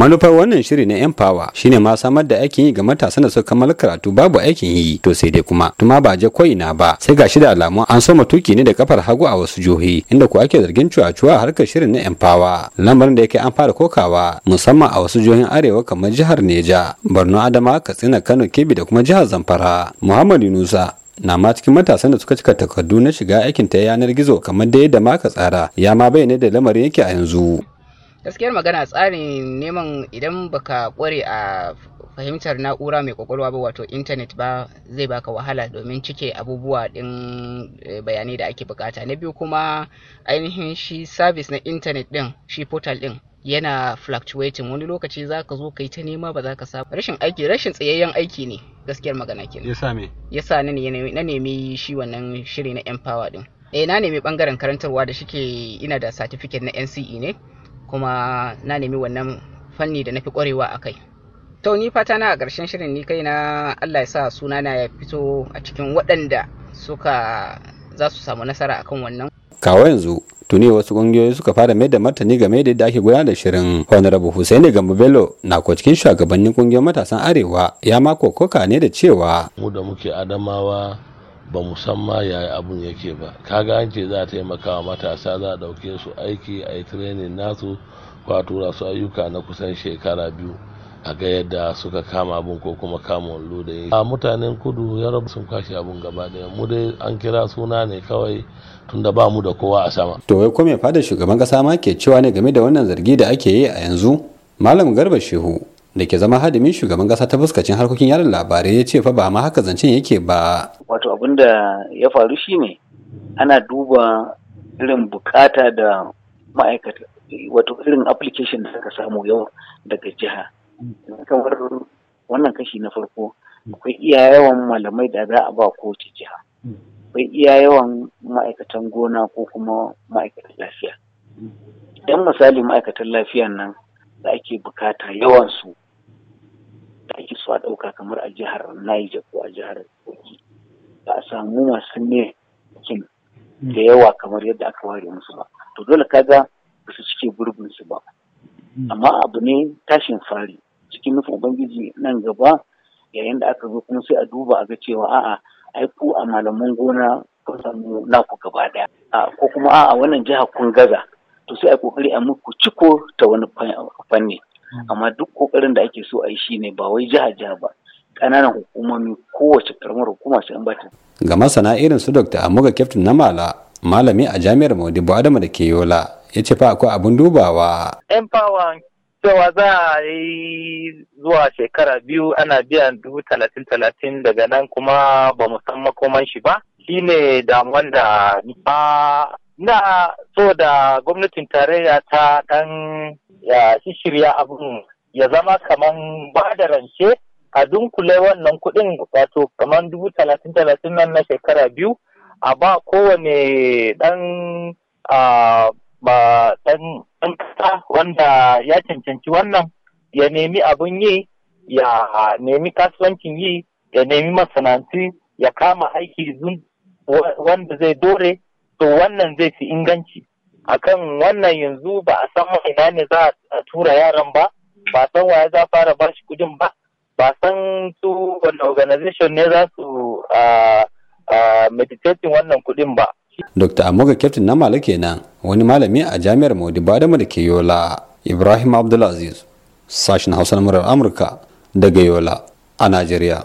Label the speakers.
Speaker 1: manufar wannan shiri na empower shine ma samar da aikin yi ga matasa da suka kammala karatu babu aikin yi to sai dai kuma tuma ba je ko ina ba sai gashi da alamu an soma tuki ne da kafar hagu a wasu jihohi inda ko ake zargin cuwa-cuwa harkar shirin na empower lamarin da yake an fara kokawa musamman a wasu jihohin arewa kamar jihar neja borno adama katsina kano kebbi da kuma jihar zamfara muhammad yunusa na ma cikin matasan da suka cika takardu na shiga aikin ta yanar gizo kamar da yadda maka tsara ya ma bayyana da lamarin yake a yanzu
Speaker 2: gaskiyar magana tsarin neman idan baka kware a fahimtar na'ura mai kwakwalwa ba wato intanet ba zai baka wahala domin cike abubuwa din eh, bayanai da ake bukata na biyu kuma ainihin shi sabis na intanet din shi portal din yana fluctuating wani lokaci za ka zo ka yi ta nema ba za ka samu rashin aiki rashin tsayayyen aiki ne gaskiyar magana kenan yasa me yasa na nemi shi wannan shiri na empower din eh na nemi bangaren karantarwa da shike ina da certificate na NCE ne kuma na nemi wannan fanni da na fi ƙwarewa a kai to ni fata na a ƙarshen shirin ni kai na allah ya sa suna na ya fito a cikin waɗanda suka za su samu nasara akan wannan
Speaker 1: kawo yanzu tuni wasu ƙungiyoyi suka fara mai da martani game da yadda ake gudanar da shirin honorable hussein gambo bello na ko cikin shugabannin ƙungiyoyin matasan arewa ya mako koka ne da cewa
Speaker 3: mu da muke adamawa ba musamman yaya abun yake ba kaga an ce za a taimaka wa matasa za a ɗauke su aiki a yi training nasu ko a tura su ayyuka na kusan shekara biyu a ga yadda suka kama abun ko kuma kama wallo da yi a mutanen kudu yarab sun kwashe abun gaba daya mu dai an kira suna ne kawai tunda ba mu da kowa a sama
Speaker 1: to wai ko me fadar shugaban kasa ma ke cewa ne game da wannan zargi da ake yi a yanzu malam garba shehu da ke zama hadimin shugaban kasa ta fuskacin harkokin yaran labarai ya ce fa ba ma haka zancen yake ba
Speaker 4: wato abin da ya faru shine ana duba irin bukata da ma'aikata wato irin application da aka samu yau daga jiha kamar wannan kashi na farko akwai iya yawan malamai da za a ba kowace jiha akwai iya yawan ma'aikatan gona ko kuma ma'aikatan lafiya idan misali ma'aikatan lafiyan nan da ake bukata yawan su. a ɗauka kamar a jihar Niger ko a jihar Kogi ba a samu masu ne hmm. da yawa kamar yadda aka ware musu ba to dole kaga ba su cike gurbin su ba hmm. amma abu ne tashin fari cikin nufin ubangiji nan gaba yayin da aka zo kuma sai a duba a ga cewa a'a ai ku a malaman gona ko samu naku gaba daya ko kuma a'a wannan jiha kun gaza to sai a kokari a muku ciko ta wani fanni Mm. amma duk kokarin da ake so a yi shi ne ba wai jiha jiha ba ƙananan hukumomi kowace karamar hukuma sai an bata
Speaker 1: ga masana irin su dr amuga captain na mala malami a jami'ar modibo adamu da ke yola ya ce fa akwai abun dubawa
Speaker 3: yan fawa cewa za a yi zuwa shekara biyu ana biyan dubu talatin talatin daga nan kuma ba mu san makoman shi ba shine damuwan da na so da gwamnatin tarayya ta dan ya shirya abin ya zama kaman ba da rance a dunkule wannan kuɗin wato kaman dubu talatin talatin nan na shekara biyu a ba kowane ɗan ba ɗan ƙasa wanda ya cancanci wannan ya nemi abin yi ya nemi kasuwancin yi ya nemi masana'antu ya kama aiki wanda zai dore to wannan zai fi inganci akan wannan yanzu ba a san ina ne za a tura yaran ba ba san waye za fara ba shi kudin ba ba san su wani organization ne za su meditating wannan kudin ba
Speaker 1: Dr. Amoga Captain na Malam kenan wani malami a jami'ar Maudi badamu da ke Yola Ibrahim Abdulaziz sashen Hausa na Amurka daga Yola a Najeriya